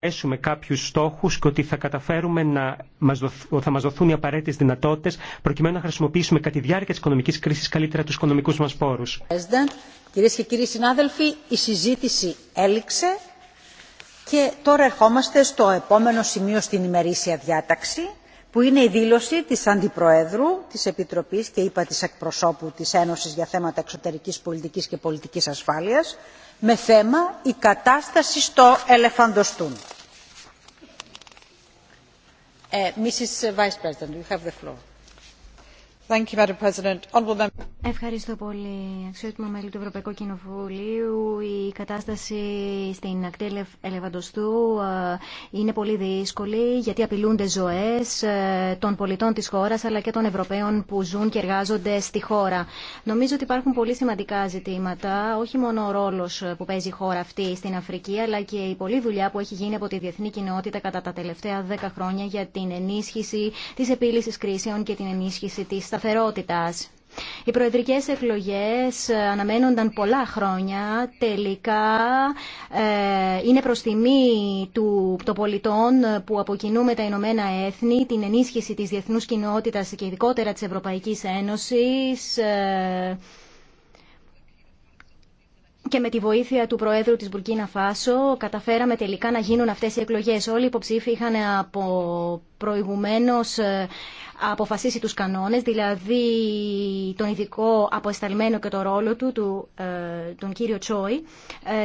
θέσουμε κάποιους στόχους και ότι θα καταφέρουμε να μας δοθούν, θα μας δοθούν οι απαραίτητες δυνατότητες προκειμένου να χρησιμοποιήσουμε κατά τη διάρκεια της οικονομικής κρίσης καλύτερα τους οικονομικούς μας πόρους. Κυρίες και κύριοι συνάδελφοι, η συζήτηση έληξε και τώρα ερχόμαστε στο επόμενο σημείο στην ημερήσια διάταξη που είναι η δήλωση της Αντιπροέδρου της Επιτροπής και είπα της εκπροσώπου της Ένωσης για θέματα εξωτερικής πολιτικής και πολιτικής ασφάλειας με θέμα «Η κατάσταση στο Ελεφαντοστούν». Ε, Vice President, you have the floor. Ευχαριστώ πολύ. αξιότιμο μέλη του Ευρωπαϊκού Κοινοβουλίου. Η κατάσταση στην ακτή Ελεβαντοστού ε, είναι πολύ δύσκολη γιατί απειλούνται ζωέ ε, των πολιτών τη χώρα αλλά και των Ευρωπαίων που ζουν και εργάζονται στη χώρα. Νομίζω ότι υπάρχουν πολύ σημαντικά ζητήματα, όχι μόνο ο ρόλο που παίζει η χώρα αυτή στην Αφρική αλλά και η πολλή δουλειά που έχει γίνει από τη διεθνή κοινότητα κατά τα τελευταία δέκα χρόνια για την ενίσχυση τη επίλυση κρίσεων και την ενίσχυση τη σταθερότητας. Οι προεδρικές εκλογές αναμένονταν πολλά χρόνια. Τελικά ε, είναι προς τιμή του, των πολιτών που αποκινούμε τα Ηνωμένα Έθνη την ενίσχυση της διεθνούς κοινότητας και ειδικότερα της Ευρωπαϊκής Ένωσης ε, και με τη βοήθεια του Προέδρου της Μπουρκίνα Φάσο καταφέραμε τελικά να γίνουν αυτές οι εκλογές. Όλοι οι υποψήφοι είχαν ε, από προηγουμένως ε, αποφασίσει τους κανόνες, δηλαδή τον ειδικό αποεσταλμένο και το ρόλο του, του ε, τον κύριο Τσόι,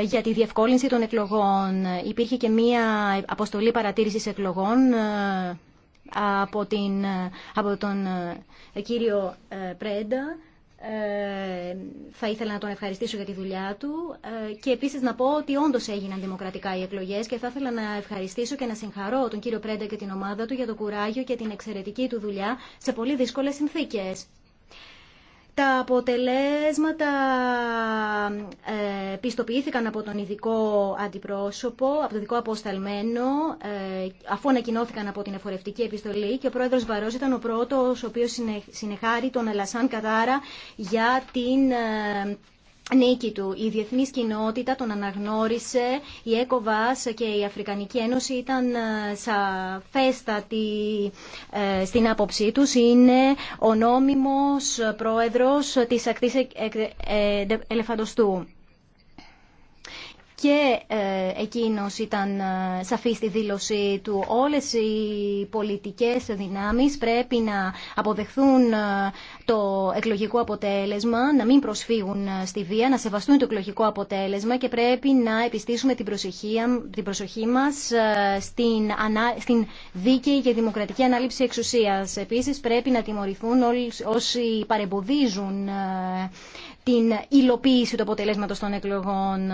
για τη διευκόλυνση των εκλογών. Υπήρχε και μία αποστολή παρατήρησης εκλογών από, την, από τον κύριο Πρέντα, ε, θα ήθελα να τον ευχαριστήσω για τη δουλειά του ε, και επίσης να πω ότι όντως έγιναν δημοκρατικά οι εκλογές και θα ήθελα να ευχαριστήσω και να συγχαρώ τον κύριο Πρέντα και την ομάδα του για το κουράγιο και την εξαιρετική του δουλειά σε πολύ δύσκολες συνθήκες. Τα αποτελέσματα ε, πιστοποιήθηκαν από τον ειδικό αντιπρόσωπο, από τον ειδικό αποσταλμένο, ε, αφού ανακοινώθηκαν από την εφορευτική επιστολή και ο πρόεδρος Βαρός ήταν ο πρώτος ο οποίος συνεχάρει τον Αλασάν Κατάρα για την ε, νίκη του. Η διεθνής κοινότητα τον αναγνώρισε, η ΕΚΟΒΑΣ και η Αφρικανική Ένωση ήταν ε, σαφέστατη ε, στην άποψή τους. Είναι ο νόμιμος πρόεδρος της ακτής ε, ελεφαντοστού και ε, εκείνος ήταν ε, σαφή στη δήλωσή του. Όλες οι πολιτικές δυνάμεις πρέπει να αποδεχθούν ε, το εκλογικό αποτέλεσμα, να μην προσφύγουν στη βία, να σεβαστούν το εκλογικό αποτέλεσμα και πρέπει να επιστήσουμε την προσοχή, την μας στην, στην δίκαιη και δημοκρατική ανάληψη εξουσίας. Επίσης πρέπει να τιμωρηθούν όλοι όσοι παρεμποδίζουν την υλοποίηση του αποτελέσματος των εκλογών.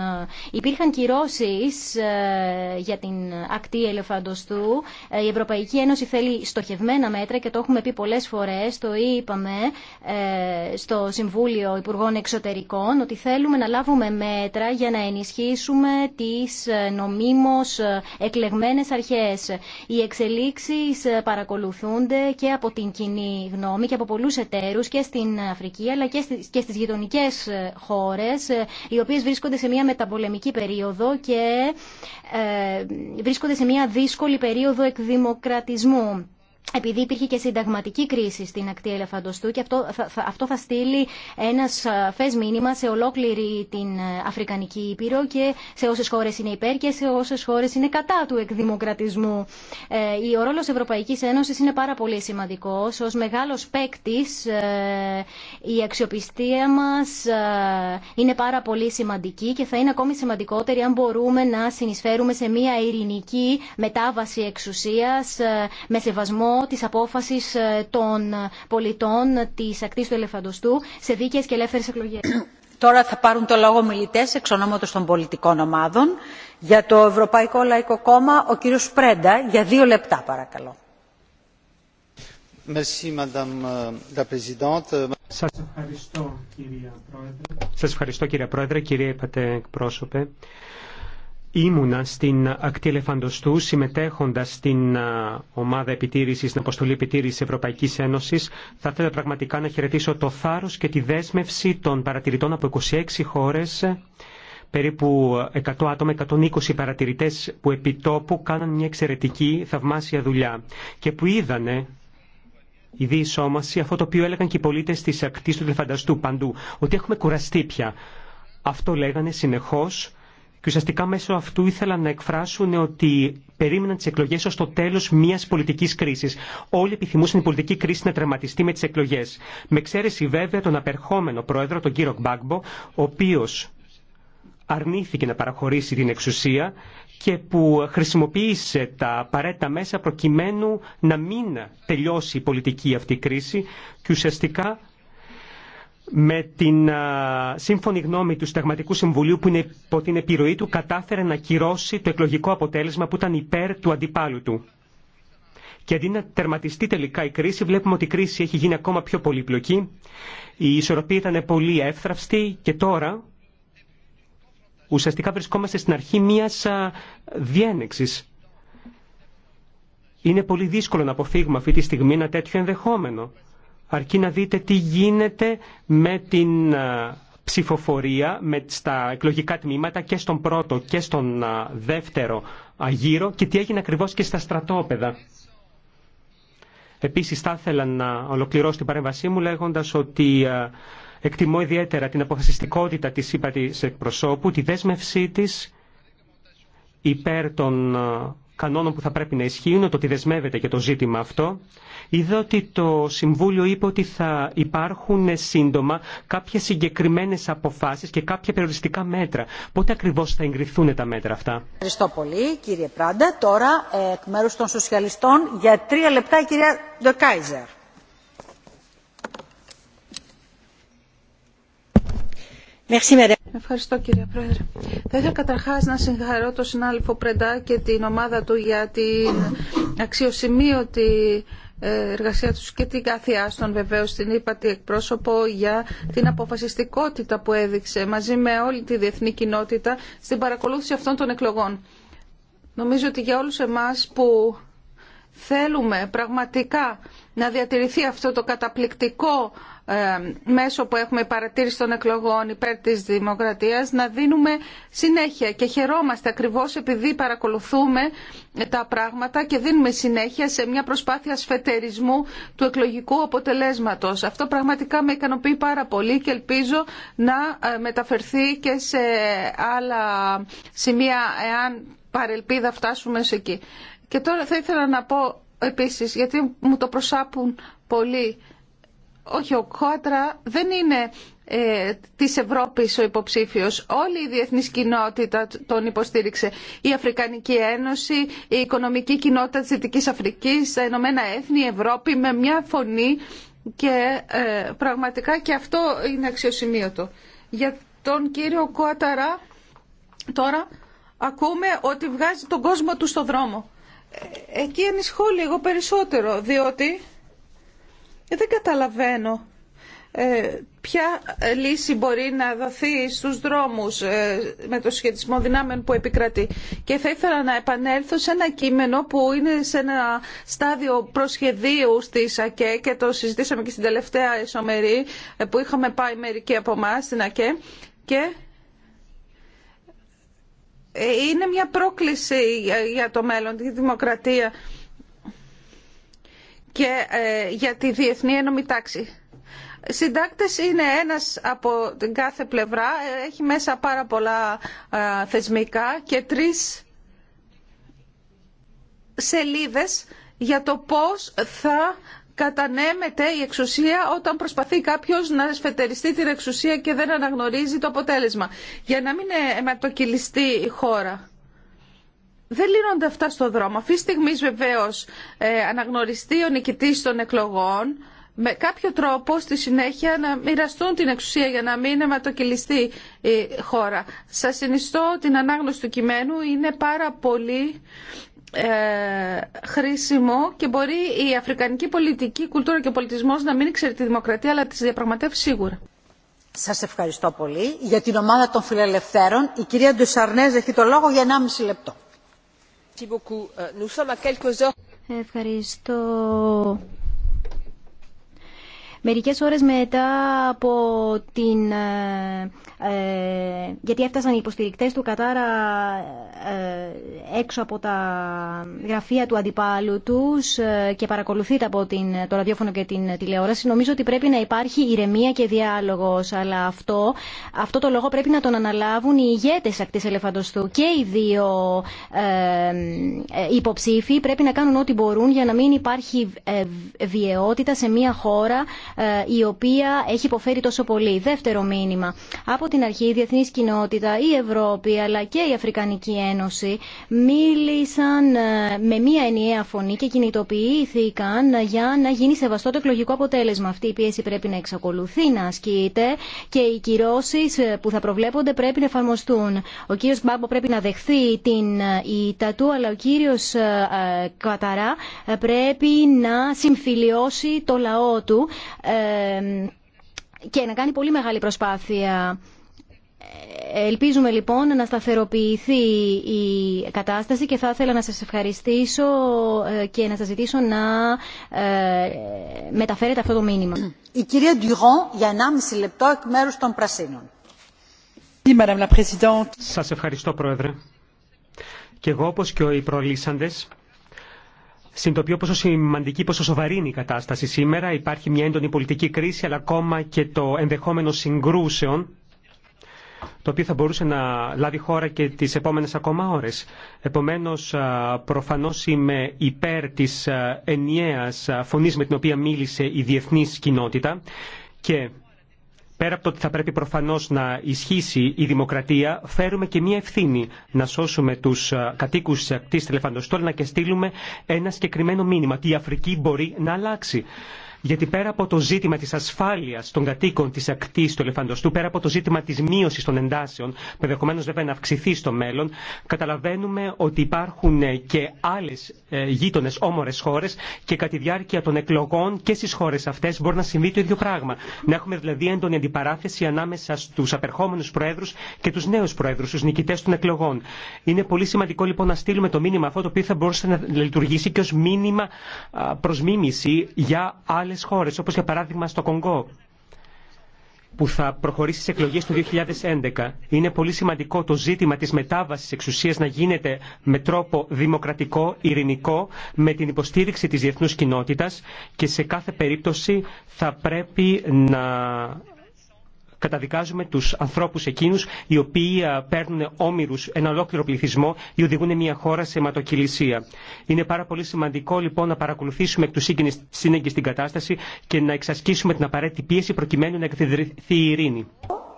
Υπήρχαν κυρώσεις ε, για την ακτή ελεφαντοστού. Ε, η Ευρωπαϊκή Ένωση θέλει στοχευμένα μέτρα και το έχουμε πει πολλές φορές, το είπαμε ε, στο Συμβούλιο Υπουργών Εξωτερικών, ότι θέλουμε να λάβουμε μέτρα για να ενισχύσουμε τις νομίμως εκλεγμένες αρχές. Οι εξελίξεις παρακολουθούνται και από την κοινή γνώμη και από πολλούς εταίρους και στην Αφρική αλλά και στις γειτονικές ευρωπαϊκέ ε, χώρες, ε, οι οποίες βρίσκονται σε μια μεταπολεμική περίοδο και ε, βρίσκονται σε μια δύσκολη περίοδο εκδημοκρατισμού επειδή υπήρχε και συνταγματική κρίση στην ακτή Ελεφαντοστού και αυτό θα, αυτό θα στείλει ένα σαφέ ε, μήνυμα σε ολόκληρη την ε, Αφρικανική Ήπειρο και σε όσε χώρε είναι υπέρ και σε όσε χώρε είναι κατά του εκδημοκρατισμού. Ε, ο ρόλο Ευρωπαϊκή Ένωση είναι πάρα πολύ σημαντικό. Ω μεγάλο παίκτη, ε, η αξιοπιστία μα είναι πάρα πολύ σημαντική και θα είναι ακόμη σημαντικότερη αν μπορούμε να συνεισφέρουμε σε μια ειρηνική μετάβαση εξουσία με σεβασμό της απόφασης ε, των πολιτών της ακτής του Ελεφαντοστού σε δίκαιες και ελεύθερες εκλογές. Τώρα θα πάρουν το λόγο μιλητές εξ ονόματος των πολιτικών ομάδων. Για το Ευρωπαϊκό Λαϊκό Κόμμα, ο κύριος Πρέντα, για δύο λεπτά παρακαλώ. Euh, Σας ευχαριστώ, κύριε Πρόεδρε. Σας ευχαριστώ, κύριε Πρόεδρε, κυρία εκπρόσωπε. Ήμουνα στην ακτή Ελεφαντοστού συμμετέχοντα στην ομάδα επιτήρηση, στην αποστολή επιτήρηση Ευρωπαϊκή Ένωση. Θα ήθελα πραγματικά να χαιρετήσω το θάρρο και τη δέσμευση των παρατηρητών από 26 χώρε. Περίπου 100 άτομα, 120 παρατηρητέ που επί τόπου κάναν μια εξαιρετική, θαυμάσια δουλειά και που είδανε η διεισόμαση αυτό το οποίο έλεγαν και οι πολίτε τη ακτή του Ελεφανταστού παντού, ότι έχουμε κουραστεί πια. Αυτό λέγανε συνεχώς και ουσιαστικά μέσω αυτού ήθελαν να εκφράσουν ότι περίμεναν τι εκλογέ ω το τέλο μια πολιτική κρίση. Όλοι επιθυμούσαν η πολιτική κρίση να τερματιστεί με τι εκλογέ. Με εξαίρεση βέβαια τον απερχόμενο πρόεδρο, τον κύριο Γκμπάγκμπο, ο οποίο αρνήθηκε να παραχωρήσει την εξουσία και που χρησιμοποίησε τα απαραίτητα μέσα προκειμένου να μην τελειώσει η πολιτική αυτή κρίση και ουσιαστικά με την σύμφωνη γνώμη του Συνταγματικού Συμβουλίου που είναι υπό την επιρροή του κατάφερε να κυρώσει το εκλογικό αποτέλεσμα που ήταν υπέρ του αντιπάλου του. Και αντί να τερματιστεί τελικά η κρίση, βλέπουμε ότι η κρίση έχει γίνει ακόμα πιο πολύπλοκη. Η ισορροπία ήταν πολύ εύθραυστη και τώρα ουσιαστικά βρισκόμαστε στην αρχή μιας διένεξης. Είναι πολύ δύσκολο να αποφύγουμε αυτή τη στιγμή ένα τέτοιο ενδεχόμενο αρκεί να δείτε τι γίνεται με την ε, ψηφοφορία με, στα εκλογικά τμήματα και στον πρώτο και στον ε, δεύτερο γύρο και τι έγινε ακριβώς και στα στρατόπεδα. Επίσης θα ήθελα να ολοκληρώσω την παρέμβασή μου λέγοντας ότι ε, εκτιμώ ιδιαίτερα την αποφασιστικότητα της ύπατης εκπροσώπου, τη δέσμευσή της υπέρ των κανόνων που θα πρέπει να ισχύουν, το ότι δεσμεύεται και το ζήτημα αυτό. Είδα ότι το Συμβούλιο είπε ότι θα υπάρχουν σύντομα κάποιες συγκεκριμένες αποφάσεις και κάποια περιοριστικά μέτρα. Πότε ακριβώς θα εγκριθούν τα μέτρα αυτά. Ευχαριστώ πολύ κύριε Πράντα. Τώρα ε, εκ μέρους των Σοσιαλιστών για τρία λεπτά η κυρία Ντοκάιζερ. Merci, Ευχαριστώ κύριε Πρόεδρε. Θα ήθελα καταρχάς να συγχαρώ τον συνάδελφο Πρεντά και την ομάδα του για την αξιοσημείωτη ε, εργασία τους και την κάθε άστον βεβαίως την ύπατη εκπρόσωπο για την αποφασιστικότητα που έδειξε μαζί με όλη τη διεθνή κοινότητα στην παρακολούθηση αυτών των εκλογών. Νομίζω ότι για όλους εμάς που θέλουμε πραγματικά να διατηρηθεί αυτό το καταπληκτικό ε, μέσω που έχουμε παρατήρηση των εκλογών υπέρ της δημοκρατίας να δίνουμε συνέχεια και χαιρόμαστε ακριβώς επειδή παρακολουθούμε τα πράγματα και δίνουμε συνέχεια σε μια προσπάθεια σφετερισμού του εκλογικού αποτελέσματος. Αυτό πραγματικά με ικανοποιεί πάρα πολύ και ελπίζω να ε, μεταφερθεί και σε άλλα σημεία εάν παρελπίδα φτάσουμε σε εκεί. Και τώρα θα ήθελα να πω επίσης, γιατί μου το προσάπουν πολύ όχι ο Κότρα δεν είναι ε, της Ευρώπης ο υποψήφιος. Όλη η διεθνής κοινότητα τον υποστήριξε. Η Αφρικανική Ένωση, η Οικονομική Κοινότητα της Δυτικής Αφρικής, τα Ηνωμένα Έθνη, η Ευρώπη με μια φωνή και ε, πραγματικά και αυτό είναι αξιοσημείωτο. Για τον κύριο Κόταρα τώρα ακούμε ότι βγάζει τον κόσμο του στο δρόμο. Ε, εκεί ενισχώ λίγο περισσότερο, διότι ε, δεν καταλαβαίνω ε, ποια ε, λύση μπορεί να δοθεί στους δρόμους με το σχετισμό δυνάμεων που επικρατεί. Και θα ήθελα να επανέλθω σε ένα κείμενο που είναι σε ένα στάδιο προσχεδίου στη ΣΑΚΕ και το συζητήσαμε και στην τελευταία ισομερή που είχαμε πάει μερικοί από εμά στην ΑΚΕ και είναι μια πρόκληση για το μέλλον, τη δημοκρατία και ε, για τη Διεθνή Ένωμη Τάξη. Συντάκτες είναι ένας από την κάθε πλευρά, ε, έχει μέσα πάρα πολλά ε, θεσμικά και τρεις σελίδες για το πώς θα κατανέμεται η εξουσία όταν προσπαθεί κάποιος να σφετεριστεί την εξουσία και δεν αναγνωρίζει το αποτέλεσμα. Για να μην αιματοκυλιστεί η χώρα δεν λύνονται αυτά στο δρόμο. Αυτή τη στιγμή βεβαίω ε, αναγνωριστεί ο νικητή των εκλογών με κάποιο τρόπο στη συνέχεια να μοιραστούν την εξουσία για να μην αιματοκυλιστεί η χώρα. Σα συνιστώ την ανάγνωση του κειμένου. Είναι πάρα πολύ ε, χρήσιμο και μπορεί η αφρικανική πολιτική, η κουλτούρα και ο πολιτισμός να μην ξέρει τη δημοκρατία αλλά τη διαπραγματεύσει σίγουρα. Σα ευχαριστώ πολύ. Για την ομάδα των φιλελευθέρων η κυρία Ντουσαρνέζ έχει το λόγο για 1,5 λεπτό. Euh, Ευχαριστώ Μερικές ώρες μετά από την... Ε, ε γιατί έφτασαν οι υποστηρικτές του Κατάρα ε, έξω από τα γραφεία του αντιπάλου τους ε, και παρακολουθείται από την, το ραδιόφωνο και την τηλεόραση. Νομίζω ότι πρέπει να υπάρχει ηρεμία και διάλογος, αλλά αυτό, αυτό το λόγο πρέπει να τον αναλάβουν οι ηγέτες ακτής ελεφαντοστού και οι δύο υποψήφοι πρέπει να κάνουν ό,τι μπορούν για να μην υπάρχει βιαιότητα σε μια χώρα ε, η οποία έχει υποφέρει τόσο πολύ. Δεύτερο μήνυμα. Από την αρχή η διεθνή κοινότητα, η Ευρώπη αλλά και η Αφρικανική Ένωση μίλησαν ε, με μία ενιαία φωνή και κινητοποιήθηκαν για να γίνει σεβαστό το εκλογικό αποτέλεσμα. Αυτή η πίεση πρέπει να εξακολουθεί να ασκείται και οι κυρώσει ε, που θα προβλέπονται πρέπει να εφαρμοστούν. Ο κύριο Μπάμπο πρέπει να δεχθεί την ήττα του, αλλά ο κύριο Καταρά πρέπει να συμφιλιώσει το λαό του και να κάνει πολύ μεγάλη προσπάθεια. Ε, ελπίζουμε λοιπόν να σταθεροποιηθεί η κατάσταση και θα ήθελα να σας ευχαριστήσω ε, και να σας ζητήσω να ε, μεταφέρετε αυτό το μήνυμα. Η κυρία Ντουγόν για 1,5 λεπτό εκ μέρους των Πρασίνων. Σας ευχαριστώ Πρόεδρε. Και εγώ όπως και οι προλύσαντες συνειδητοποιώ πόσο σημαντική, πόσο σοβαρή είναι η κατάσταση σήμερα. Υπάρχει μια έντονη πολιτική κρίση, αλλά ακόμα και το ενδεχόμενο συγκρούσεων, το οποίο θα μπορούσε να λάβει χώρα και τι επόμενε ακόμα ώρε. Επομένω, προφανώ είμαι υπέρ τη ενιαία φωνή με την οποία μίλησε η διεθνή κοινότητα και Πέρα από το ότι θα πρέπει προφανώς να ισχύσει η δημοκρατία, φέρουμε και μία ευθύνη να σώσουμε τους ε, κατοίκους της Τελεφαντοστόλ, να και στείλουμε ένα συγκεκριμένο μήνυμα ότι η Αφρική μπορεί να αλλάξει γιατί πέρα από το ζήτημα τη ασφάλεια των κατοίκων τη ακτή του ελεφαντοστού, πέρα από το ζήτημα τη μείωση των εντάσεων, που ενδεχομένω βέβαια να αυξηθεί στο μέλλον, καταλαβαίνουμε ότι υπάρχουν ε, και άλλε γείτονε όμορε χώρε και κατά τη διάρκεια των εκλογών και στι χώρε αυτέ, μπορεί να συμβεί το ίδιο πράγμα. Να έχουμε δηλαδή έντονη αντιπαράθεση ανάμεσα στου απερχόμενου προέδρου και του νέου προέδρου, του νικητέ των εκλογών. Είναι πολύ σημαντικό λοιπόν να στείλουμε το μήνυμα αυτό το οποίο θα μπορούσε να λειτουργήσει και ω μήνυμα προ για άλλες χώρες, όπως για παράδειγμα στο Κονγκό, που θα προχωρήσει σε εκλογές το 2011. Είναι πολύ σημαντικό το ζήτημα της μετάβασης εξουσίας να γίνεται με τρόπο δημοκρατικό, ειρηνικό, με την υποστήριξη της διεθνούς κοινότητας και σε κάθε περίπτωση θα πρέπει να Καταδικάζουμε τους ανθρώπους εκείνους οι οποίοι ε, παίρνουν όμοιρους, ένα ολόκληρο πληθυσμό ή οδηγούν μια χώρα σε αιματοκυλισία. Είναι πάρα πολύ σημαντικό λοιπόν να παρακολουθήσουμε εκ του σύνεγγυ στην κατάσταση και να εξασκήσουμε την απαραίτητη πίεση προκειμένου να εκδηλωθεί η ειρήνη.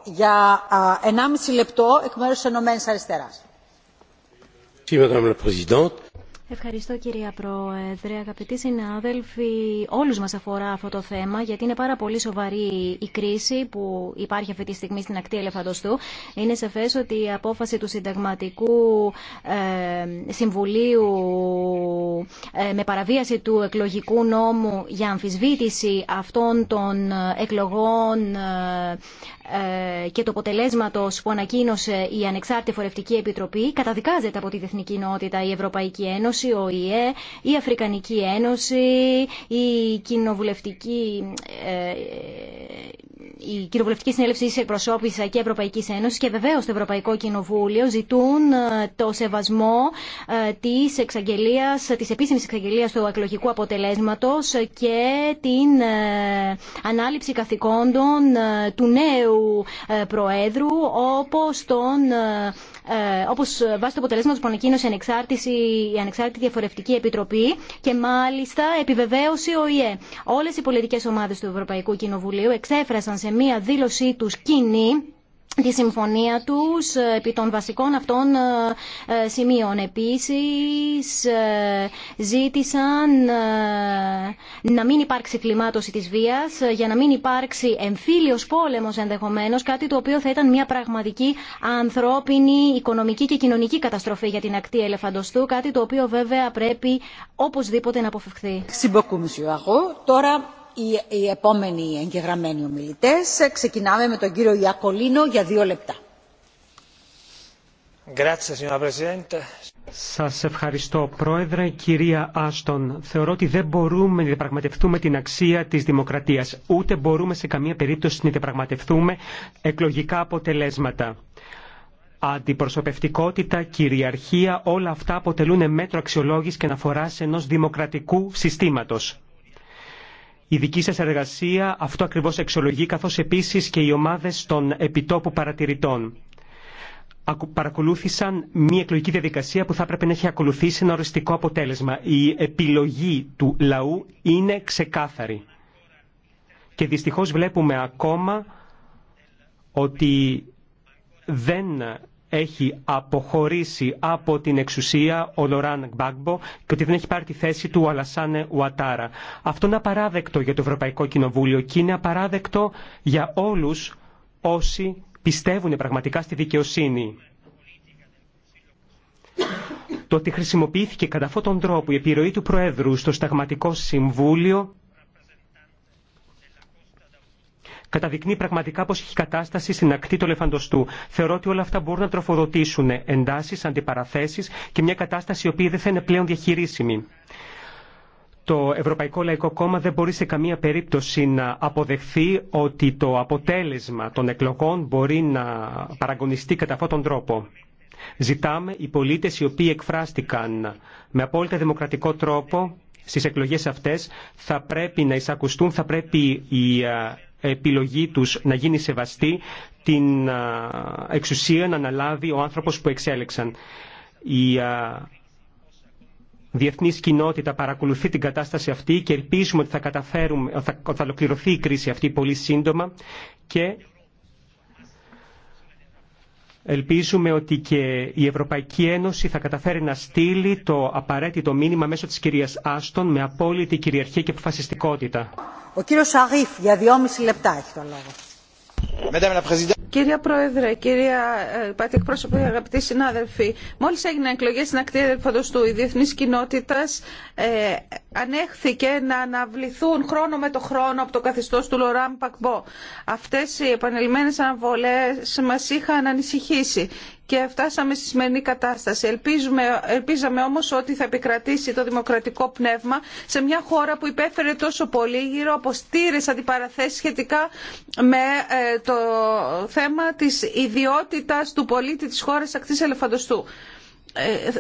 Για 1,5 λεπτό Ευχαριστώ κυρία Πρόεδρε. Αγαπητοί συνάδελφοι, όλους μας αφορά αυτό το θέμα γιατί είναι πάρα πολύ σοβαρή η κρίση που υπάρχει αυτή τη στιγμή στην ακτή ελεφαντοστού. Είναι σαφές ότι η απόφαση του Συνταγματικού ε, Συμβουλίου ε, με παραβίαση του εκλογικού νόμου για αμφισβήτηση αυτών των ε, εκλογών και το αποτελέσματο που ανακοίνωσε η Ανεξάρτητη Φορευτική Επιτροπή καταδικάζεται από τη Διεθνική Νότητα η Ευρωπαϊκή Ένωση Ένωση, η Αφρικανική Ένωση, η Κοινοβουλευτική ε, η Κοινοβουλευτική Συνέλευση σε προσώπησα και Ευρωπαϊκή Ένωση και βεβαίω το Ευρωπαϊκό Κοινοβούλιο ζητούν ε, το σεβασμό τη επίσημη τη επίσημης εξαγγελίας του εκλογικού αποτελέσματο και την ε, ανάληψη καθηκόντων ε, του νέου Προέδρου όπω τον, βάσει το αποτελέσματο που ανακοίνωσε η Ανεξάρτητη Διαφορευτική Επιτροπή και μάλιστα επιβεβαίωσε ο ΙΕ. Όλες οι πολιτικέ ομάδε του Ευρωπαϊκού Κοινοβουλίου εξέφρασαν σε μία δήλωσή του κοινή τη συμφωνία τους ε, επί των βασικών αυτών ε, ε, σημείων. Επίσης ζήτησαν να μην υπάρξει κλιμάτωση της βίας, για να μην υπάρξει εμφύλιος πόλεμος ενδεχομένως, κάτι το οποίο θα ήταν μια πραγματική ανθρώπινη, οικονομική και κοινωνική καταστροφή για την ακτή ελεφαντοστού, κάτι το οποίο βέβαια πρέπει οπωσδήποτε να αποφευχθεί. Τώρα οι επόμενοι εγγεγραμμένοι ομιλητές. Ξεκινάμε με τον κύριο Ιακολίνο για δύο λεπτά. Σας ευχαριστώ Πρόεδρε, κυρία Άστον. Θεωρώ ότι δεν μπορούμε να διαπραγματευτούμε την αξία της δημοκρατίας, ούτε μπορούμε σε καμία περίπτωση να διαπραγματευτούμε εκλογικά αποτελέσματα. Αντιπροσωπευτικότητα, κυριαρχία, όλα αυτά αποτελούν μέτρο αξιολόγηση και αναφορά ενό δημοκρατικού συστήματο. Η δική σας εργασία αυτό ακριβώς εξολογεί, καθώς επίσης και οι ομάδες των επιτόπου παρατηρητών παρακολούθησαν μια εκλογική διαδικασία που θα έπρεπε να έχει ακολουθήσει ένα οριστικό αποτέλεσμα. Η επιλογή του λαού είναι ξεκάθαρη. Και δυστυχώς βλέπουμε ακόμα ότι δεν έχει αποχωρήσει από την εξουσία ο Λοράν Γκμπάγκμπο και ότι δεν έχει πάρει τη θέση του ο Αλασάνε Ουατάρα. Αυτό είναι απαράδεκτο για το Ευρωπαϊκό Κοινοβούλιο και είναι απαράδεκτο για όλους όσοι πιστεύουν πραγματικά στη δικαιοσύνη. Το ότι χρησιμοποιήθηκε κατά αυτόν τον τρόπο η επιρροή του Προέδρου στο Σταγματικό Συμβούλιο καταδεικνύει πραγματικά πώ έχει κατάσταση στην ακτή του ελεφαντοστού. Θεωρώ ότι όλα αυτά μπορούν να τροφοδοτήσουν εντάσει, αντιπαραθέσει και μια κατάσταση η οποία δεν θα είναι πλέον διαχειρίσιμη. Το Ευρωπαϊκό Λαϊκό Κόμμα δεν μπορεί σε καμία περίπτωση να αποδεχθεί ότι το αποτέλεσμα των εκλογών μπορεί να παραγωνιστεί κατά αυτόν τον τρόπο. Ζητάμε οι πολίτες οι οποίοι εκφράστηκαν με απόλυτα δημοκρατικό τρόπο στις εκλογές αυτές θα πρέπει να εισακουστούν, θα πρέπει οι ε, επιλογή τους να γίνει σεβαστή την εξουσία να αναλάβει ο άνθρωπος που εξέλεξαν. Η διεθνή κοινότητα παρακολουθεί την κατάσταση αυτή και ελπίζουμε ότι θα, καταφέρουμε, θα, θα ολοκληρωθεί η κρίση αυτή πολύ σύντομα και Ελπίζουμε ότι και η Ευρωπαϊκή Ένωση θα καταφέρει να στείλει το απαραίτητο μήνυμα μέσω της κυρίας Άστον με απόλυτη κυριαρχία και αποφασιστικότητα. Ο κύριος για δυόμιση λεπτά έχει το λόγο. Κυρία Πρόεδρε, κυρία ε, Πατή εκπρόσωπο, αγαπητοί συνάδελφοι, μόλι έγιναν εκλογέ στην ακτή του η διεθνή κοινότητα ε, ανέχθηκε να αναβληθούν χρόνο με το χρόνο από το καθεστώ του Λοράν Πακμπό. Αυτέ οι επανελειμμένε αναβολέ μα είχαν ανησυχήσει και φτάσαμε στη σημερινή κατάσταση. Ελπίζουμε, ελπίζαμε όμως ότι θα επικρατήσει το δημοκρατικό πνεύμα σε μια χώρα που υπέφερε τόσο πολύ γύρω από στήρες αντιπαραθέσεις σχετικά με ε, το θέμα της ιδιότητας του πολίτη της χώρας ακτής ελεφαντοστού. Ε,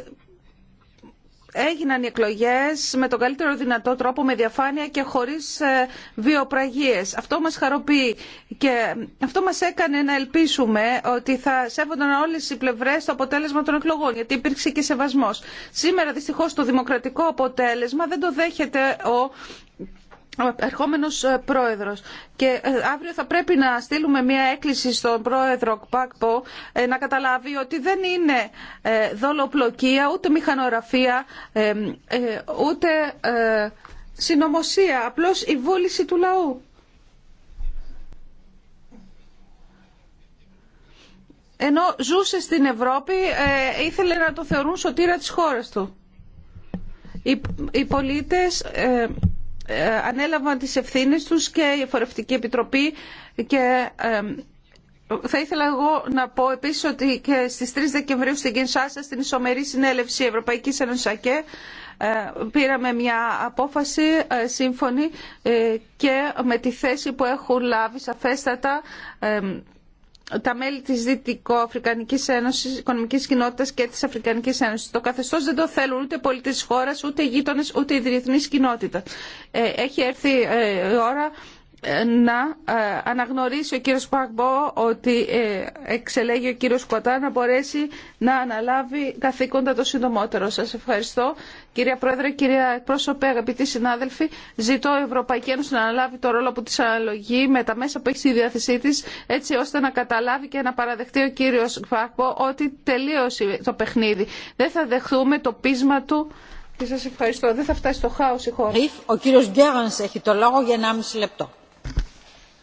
έγιναν οι εκλογές με τον καλύτερο δυνατό τρόπο, με διαφάνεια και χωρίς ε, βιοπραγίες. Αυτό μας χαροποιεί και αυτό μας έκανε να ελπίσουμε ότι θα σέβονταν όλες οι πλευρές το αποτέλεσμα των εκλογών, γιατί υπήρξε και σεβασμός. Σήμερα δυστυχώς το δημοκρατικό αποτέλεσμα δεν το δέχεται ο ερχόμενο ε, πρόεδρο. και ε, αύριο θα πρέπει να στείλουμε μια έκκληση στον πρόεδρο ΚΠΑΚΠΟ ε, να καταλάβει ότι δεν είναι δολοπλοκία ούτε μηχανογραφία ούτε συνομοσία, απλώς η βούληση του λαού. Ενώ ζούσε στην Ευρώπη ήθελε να το θεωρούν σωτήρα της χώρας του. Οι πολίτες ε, ανέλαβαν τις ευθύνες τους και η Φορευτική Επιτροπή και ε, θα ήθελα εγώ να πω επίσης ότι και στις 3 Δεκεμβρίου στην Κινσάσα στην Ισομερή Συνέλευση Ευρωπαϊκής Ένωσης ε, πήραμε μια απόφαση σύμφωνη και με τη θέση που έχουν λάβει σαφέστατα τα μέλη της Δυτικοαφρικανικής Ένωσης, Οικονομικής Κοινότητας και της Αφρικανικής Ένωσης. Το καθεστώς δεν το θέλουν ούτε πολίτες της χώρας, ούτε γείτονες, ούτε η διεθνής κοινότητα. Ε, έχει έρθει ε, η ώρα να ε, αναγνωρίσει ο κύριος Παγμπό ότι ε, εξελέγει ο κύριος Κοτά να μπορέσει να αναλάβει καθήκοντα το συντομότερο. Σας ευχαριστώ. Κυρία Πρόεδρε, κυρία Πρόσωπε, αγαπητοί συνάδελφοι, ζητώ η Ευρωπαϊκή Ένωση να αναλάβει το ρόλο που της αναλογεί με τα μέσα που έχει στη διάθεσή της, έτσι ώστε να καταλάβει και να παραδεχτεί ο κύριος Παγμπό ότι τελείωσε το παιχνίδι. Δεν θα δεχθούμε το πείσμα του και σας ευχαριστώ. Δεν θα φτάσει στο χάος η χώρα. Ο κύριος Γκέρανς έχει το λόγο για 1,5 λεπτό.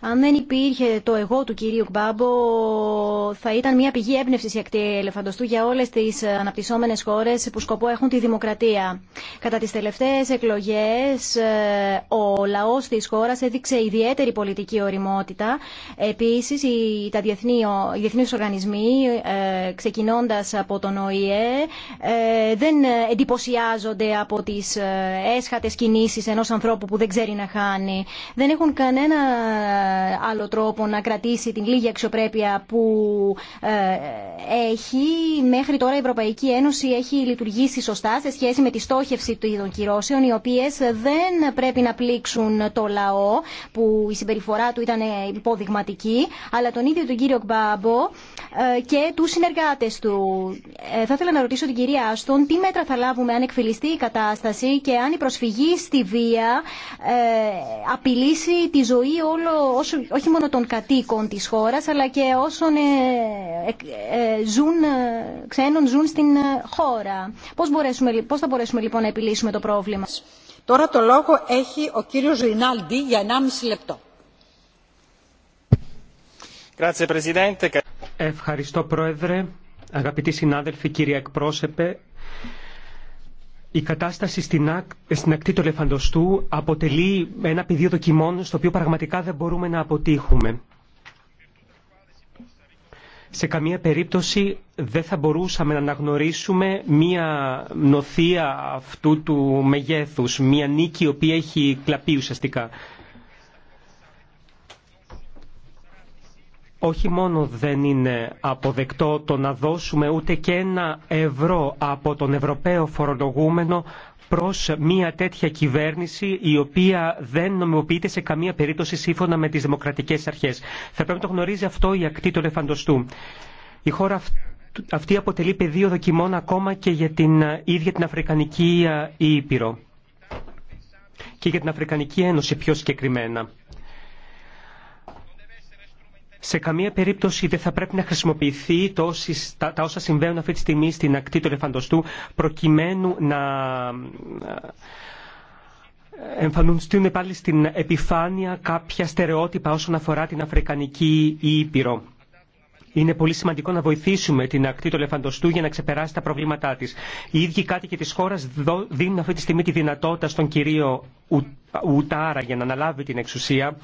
Αν δεν υπήρχε το εγώ του κυρίου Κμπάμπο, θα ήταν μια πηγή έμπνευση η ακτή ελεφαντοστού για όλε τι αναπτυσσόμενε χώρε που σκοπό έχουν τη δημοκρατία. Κατά τι τελευταίε εκλογέ, ε, ο λαό τη χώρα έδειξε ιδιαίτερη πολιτική οριμότητα. Επίση, οι, διεθνεί, οργανισμοί, ε, ξεκινώντα από τον ΟΗΕ, ε, δεν εντυπωσιάζονται από τι έσχατε κινήσει ενό ανθρώπου που δεν ξέρει να χάνει. Δεν έχουν κανένα ε, άλλο τρόπο να κρατήσει την λίγη αξιοπρέπεια που ε, έχει. Μέχρι τώρα η Ευρωπαϊκή Ένωση έχει λειτουργήσει σωστά σε σχέση με τη στόχευση των κυρώσεων, οι οποίες δεν πρέπει να πλήξουν το λαό, που η συμπεριφορά του ήταν υποδειγματική, αλλά τον ίδιο τον κύριο Κμπάμπο ε, και του συνεργάτες του. Θα ήθελα να ρωτήσω την κυρία Άστον τι μέτρα θα λάβουμε αν εκφυλιστεί η κατάσταση και αν η προσφυγή στη βία απειλήσει τη ζωή όλο όχι μόνο των κατοίκων της χώρας αλλά και όσων ε, ε, ε, ζουν, ξένων ζουν στην χώρα. Πώς, μπορέσουμε, πώς θα μπορέσουμε λοιπόν να επιλύσουμε το πρόβλημα. Τώρα το λόγο έχει ο κύριος Ρινάλντι για 1,5 λεπτό. Ευχαριστώ Πρόεδρε, αγαπητοί συνάδελφοι, κύριε εκπρόσωπε, η κατάσταση στην, ακ, ακτή του λεφαντοστού αποτελεί ένα πεδίο δοκιμών στο οποίο πραγματικά δεν μπορούμε να αποτύχουμε. Σε καμία περίπτωση δεν θα μπορούσαμε να αναγνωρίσουμε μία νοθεία αυτού του μεγέθους, μία νίκη η οποία έχει κλαπεί ουσιαστικά. όχι μόνο δεν είναι αποδεκτό το να δώσουμε ούτε και ένα ευρώ από τον Ευρωπαίο φορολογούμενο προς μια τέτοια κυβέρνηση η οποία δεν νομιμοποιείται σε καμία περίπτωση σύμφωνα με τις δημοκρατικές αρχές. Θα πρέπει να το γνωρίζει αυτό η ακτή του ελεφαντοστού. Η χώρα αυτή αποτελεί πεδίο δοκιμών ακόμα και για την ε, ίδια την Αφρικανική ε, Ήπειρο και για την Αφρικανική Ένωση πιο συγκεκριμένα σε καμία περίπτωση δεν θα πρέπει να χρησιμοποιηθεί το, τα, τα όσα συμβαίνουν αυτή τη στιγμή στην ακτή του ελεφαντοστού προκειμένου να ε, εμφανιστούν πάλι στην επιφάνεια κάποια στερεότυπα όσον αφορά την Αφρικανική Ήπειρο. Είναι πολύ σημαντικό να βοηθήσουμε την ακτή του λεφαντοστού για να ξεπεράσει τα προβλήματά της. Οι ίδιοι κάτοικοι τη χώρας δίνουν αυτή τη στιγμή τη δυνατότητα στον κύριο Ουτάρα για να αναλάβει την εξουσία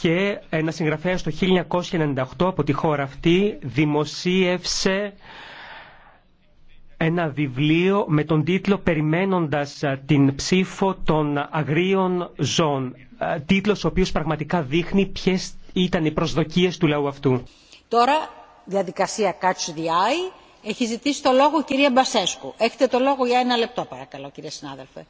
και ένα συγγραφέας το 1998 από τη χώρα αυτή δημοσίευσε ένα βιβλίο με τον τίτλο «Περιμένοντας την ψήφο των αγρίων ζών». Τίτλος ο οποίος πραγματικά δείχνει ποιες ήταν οι προσδοκίες του λαού αυτού. Τώρα διαδικασία Catch the Eye. Έχει ζητήσει το λόγο η κυρία Μπασέσκου. Έχετε το λόγο για ένα λεπτό παρακαλώ κύριε συνάδελφε.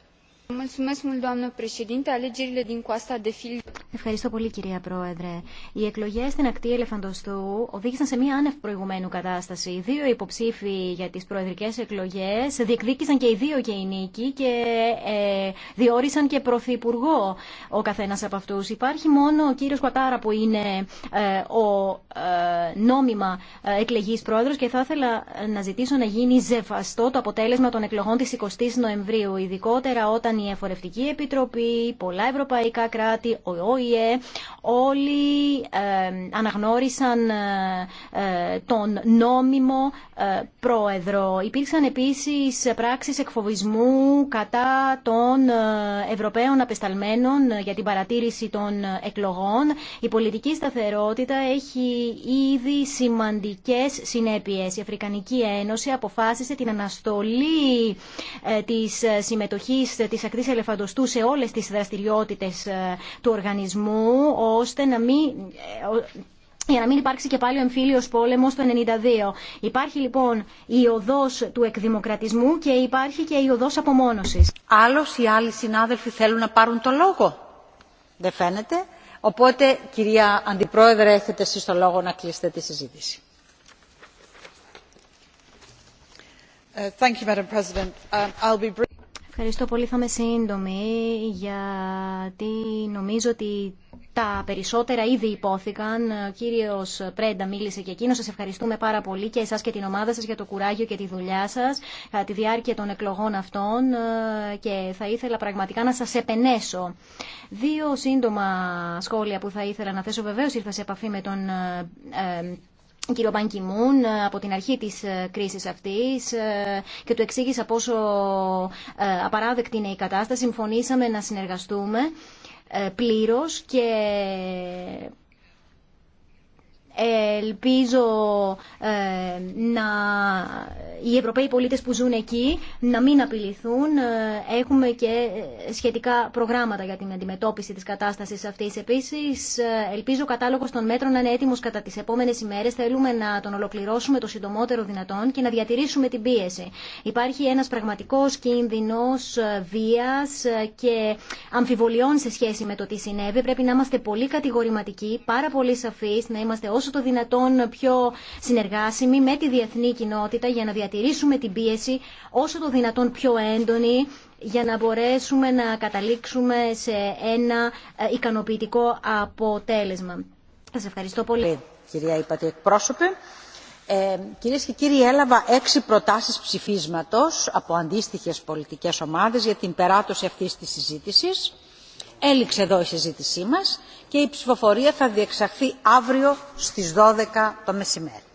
Ευχαριστώ πολύ κυρία Πρόεδρε. Οι εκλογέ στην ακτή Ελεφαντοστού οδήγησαν σε μία άνευ προηγουμένου κατάσταση. Οι δύο υποψήφοι για τι προεδρικέ εκλογέ διεκδίκησαν και οι δύο και οι νίκη και ε, διόρισαν και πρωθυπουργό ο καθένα από αυτού. Υπάρχει μόνο ο κύριο Κουατάρα που είναι ε, ο ε, νόμιμα ε, εκλεγή πρόεδρο και θα ήθελα να ζητήσω να γίνει ζευαστό το αποτέλεσμα των εκλογών τη 20η Νοεμβρίου, ειδικότερα όταν η Εφορευτική Επιτροπή, πολλά ευρωπαϊκά κράτη, ο ΟΗΕ, όλοι ε, αναγνώρισαν ε, ε, τον νόμιμο πρόεδρο. Υπήρξαν επίσης πράξεις εκφοβισμού κατά των Ευρωπαίων απεσταλμένων για την παρατήρηση των εκλογών. Η πολιτική σταθερότητα έχει ήδη σημαντικές συνέπειες. Η Αφρικανική Ένωση αποφάσισε την αναστολή της συμμετοχής της ακτή ελεφαντοστού σε όλες τις δραστηριότητες ε, του οργανισμού, ώστε να μην ε, για να μην υπάρξει και πάλι ο εμφύλιος πόλεμος το 1992. Υπάρχει λοιπόν η οδός του εκδημοκρατισμού και υπάρχει και η οδός απομόνωσης. Άλλος ή άλλοι συνάδελφοι θέλουν να πάρουν το λόγο. Δεν φαίνεται. Οπότε, κυρία Αντιπρόεδρε, έχετε εσείς το λόγο να κλείσετε τη συζήτηση. Ε, thank um, Ευχαριστώ πολύ. Θα είμαι σύντομη γιατί νομίζω ότι τα περισσότερα ήδη υπόθηκαν. Ο κύριος Πρέντα μίλησε και εκείνο. Σας ευχαριστούμε πάρα πολύ και εσάς και την ομάδα σας για το κουράγιο και τη δουλειά σας τη διάρκεια των εκλογών αυτών και θα ήθελα πραγματικά να σας επενέσω. Δύο σύντομα σχόλια που θα ήθελα να θέσω. Βεβαίως ήρθα σε επαφή με τον ε, κύριο Μπανκιμούν ε, από την αρχή της ε, κρίσης αυτής ε, και του εξήγησα πόσο απαράδεκτη είναι η κατάσταση. Συμφωνήσαμε να συνεργαστούμε πλήρως και Ελπίζω ε, να οι Ευρωπαίοι πολίτες που ζουν εκεί να μην απειληθούν. Ε, έχουμε και ε, σχετικά προγράμματα για την αντιμετώπιση της κατάστασης αυτής. Επίσης, ελπίζω ο κατάλογος των μέτρων να είναι έτοιμος κατά τις επόμενες ημέρες. Θέλουμε να τον ολοκληρώσουμε το συντομότερο δυνατόν και να διατηρήσουμε την πίεση. Υπάρχει ένας πραγματικός κίνδυνος βίας και αμφιβολιών σε σχέση με το τι συνέβη. Πρέπει να είμαστε πολύ κατηγορηματικοί, πάρα πολύ σαφείς, να είμαστε όσο όσο το δυνατόν πιο συνεργάσιμη με τη διεθνή κοινότητα για να διατηρήσουμε την πίεση όσο το δυνατόν πιο έντονη για να μπορέσουμε να καταλήξουμε σε ένα ε, ικανοποιητικό αποτέλεσμα. Σας ευχαριστώ πολύ. Ε, κυρία Υπατή εκπρόσωπε. Ε, κυρίες και κύριοι, έλαβα έξι προτάσεις ψηφίσματος από αντίστοιχες πολιτικές ομάδες για την περάτωση αυτής της συζήτησης. Έληξε εδώ η συζήτησή μας και η ψηφοφορία θα διεξαχθεί αύριο στις 12 το μεσημέρι.